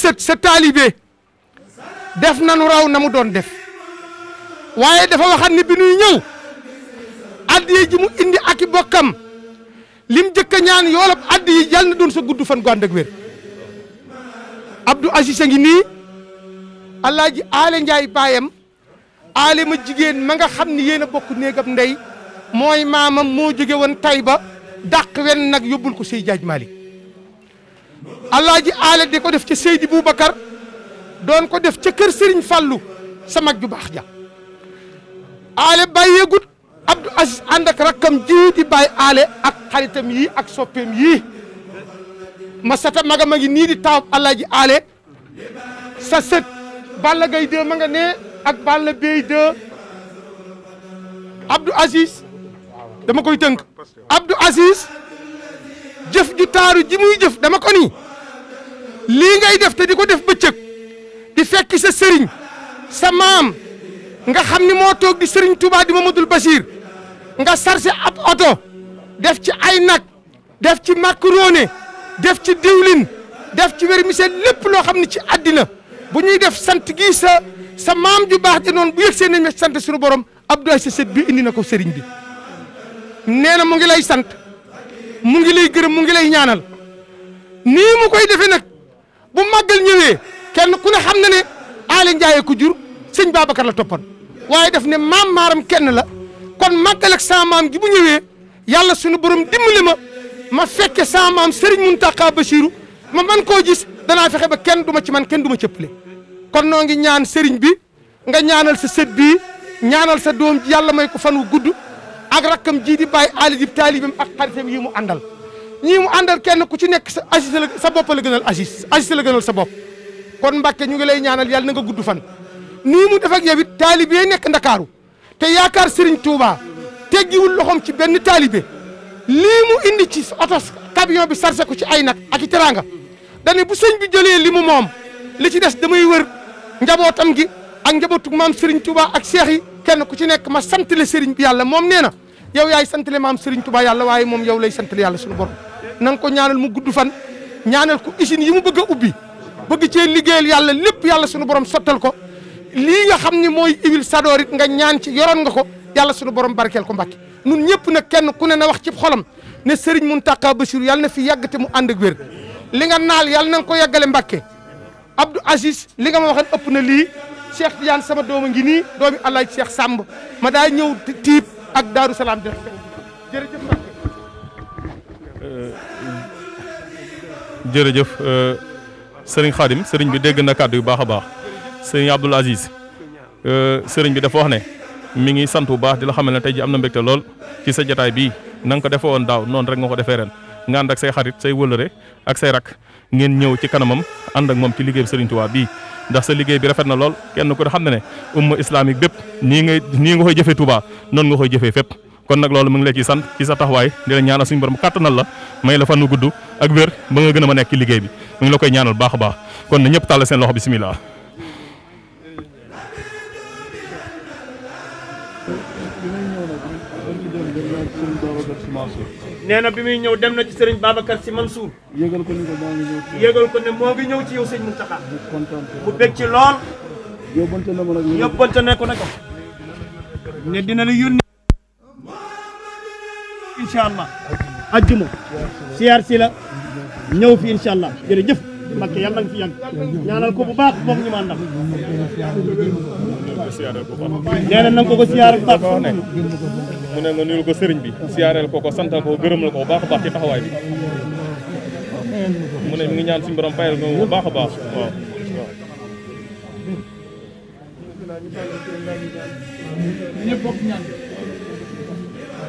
sët sa taalibe def nanu raw na mu doon def waaye dafa waxat ni bi nuy ñëw addiye ji mu indi ak i bokkam lim jëkk ñaan yoolab addi yi na doon sa gudd fan gu ànd ak wér Abdou Aziz a ngi nii Alaaji Aale Njaay baayam aale ma jigéen ma nga xam ni yéen a bokk néegam ndey mooy maamam moo jóge woon ba dàq wen nag yóbbul ko sey jaaj alaaji aale de ko def ca Seydi Boubacar doon ko def ca kër Serigne Fallou sa mag ju baax ja aale bàyyeegut Abdou Aziz ànd ak rakkam ji di bàyyi aale ak xaritam yii ak soppeem yii ma sata maga magi ngi nii di taw alaaji aale sa sët Balla Gaye 2 ma nga ne ak Balla Bey 2 Abdou Aziz dama koy tënk Abdou Aziz jëf ju taaru ji muy jëf dama ko nii lii ngay def te di ko def bëccëg di fekki sa sëriñ sa maam nga xam ni moo toog di sëriñ Touba di Mamadul Basiir nga sarse ab oto def ci ay nag def ci macaroni def ci diwlin def ci mi vermicelle lépp loo xam ne ci àddina bu ñuy def sant gii sa sa maam ju baax di noonu bu yëg seen nañ sant suñu borom Abdoulaye sa set bi indi na ko sëriñ bi nee na mu ngi lay sant mu ngi lay gërëm mu ngi ñaanal nii mu koy defee nag bu màggal ñëwee kenn ku ne xam na ne Aly Ndiaye ku jur sëñ Babacar la toppoon waaye daf ne maam maaram kenn la kon màggal ak sama gi bu ñëwee yàlla sunu borom dimbali ma ma fekke sama maam Serigne Mountakha Bachirou ma man koo gis danaa fexe ba kenn du ma ci man kenn du ma cëppale kon noo ngi ñaan sëriñ bi nga ñaanal sa sët bi ñaanal sa doom ji yàlla may ko fan wu gudd ak rakkam jii di bàyyi Aly ak xaritam yi mu àndal ñii mu àndal kenn ku ci nekk sa Aziz la sa bopp la gënal Aziz Aziz la gënal sa bopp kon Mbàkke ñu ngi lay ñaanal yàlla na nga gudd fan nii mu def ak it taalibe yi nekk ndakaaru te yaakaar Serigne Touba teggiwul loxoom ci benn taalibe lii mu indi ci oto camion bi sarse ko ci ay nag ak i teraanga dane bu sëñ bi jëlee li mu moom li ci des damay wër njabootam gi ak njabootu maam Serigne Touba ak seex yi kenn ku ci nekk ma santale Serigne bi yàlla moom nee na yow yaay santale maam Serigne Touba yàlla waaye moom yow lay santale yàlla sunu borom na ko ñaanal mu gudd fan ñaanal ko usines yi mu bëgg a ubbi bëgg cee liggéeyal yàlla lépp yàlla sunu borom sottal ko lii nga xam ne mooy huile Sador nga ñaan ci yoroon nga ko yàlla sunu borom barkeel ko Mbàkke nun ñëpp nag kenn ku ne na wax ci xolam ne mun Mountakha Bassirou yàlla na fi yàgg te mu ànd ak li nga naal yàlla na ko yàggale Mbàkke Abdou Aziz li nga ma waxoon ëpp na lii Cheikh Tidiane sama dooma ngi nii doomi Alaaji seex Samb ma daa ñëw tiib ak Daaru Salaam def Euh, jërëjëf euh, sëriñ Xaadim sëriñ bi dégg na kàddu yu baax a baax sëriñ Abdoul Aziz euh, sëriñ bi dafa wax ne mu ngi sant bu baax di la xamal ne tey ji am na mbégte lool ci sa jataay bii na ko defee woon daaw noonu rek nga ko defee ren nga ànd ak say xarit say wëllëre ak say rak ngeen ñëw ci kanamam ànd ak moom ci liggéey bi sëriñ Tuubaa bii ndax sa liggéey bi rafet na lool kenn ko ne xam na ne umma islamique bépp nii ngay nii nga koy jëfee Tuubaa noonu nga koy jëfee kon nag loolu mu ngi la ciy sant ci sa taxawaay di la ñaanal suñu borom kàttanal la may la fan wu gudd ak wér ba nga gën a ma nekk ci liggéey bi mu ngi la koy ñaanal baax a baax kon na ñëpp tàll seen loxo bi muy ñëw dem na ci sëriñ Babacar ci yëgal ko ne moo incha allah ajjuma siyaar si la ñëw fi incha allah jërëjëf Mbakke yàlla nga fi yàgg ñaanal ko bu baax moom ñu ma àndal nee na nanga ko ko siyaaral bu baax ne nga nuyul ko sëriñ bi siyaareel ko ko santal ko ko baax a baax ci taxawaay bi mu ne mi ñaan suñu borom fayal ko bu baax a baax waaw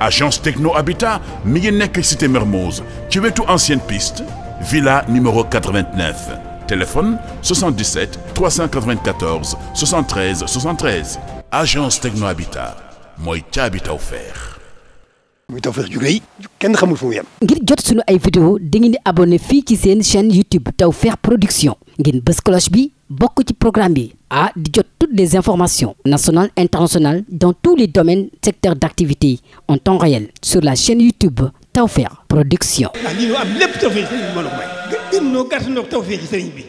agence techno habitat mi ngi nekk cité Mermoz ci wetu ancienne piste villa numéro 89 téléphone 77 394 73 73 agence techno habitat mooy ca habitat offert. muy Tawfekh ju rëy kenn xamul fu mu yem. ngir jot sunu ay vidéo dangeen di abonné fii ci seen chaîne YouTube Tawfekh Production ngeen bës cloche bi. bokk ci programme bi ah di jot toutes les informations nationales internationales dans tous les domaines secteurs d'activité en temps réel sur la chaîne YouTube Tawfekh Production. ah lii loo am lépp tawfeex ci bi.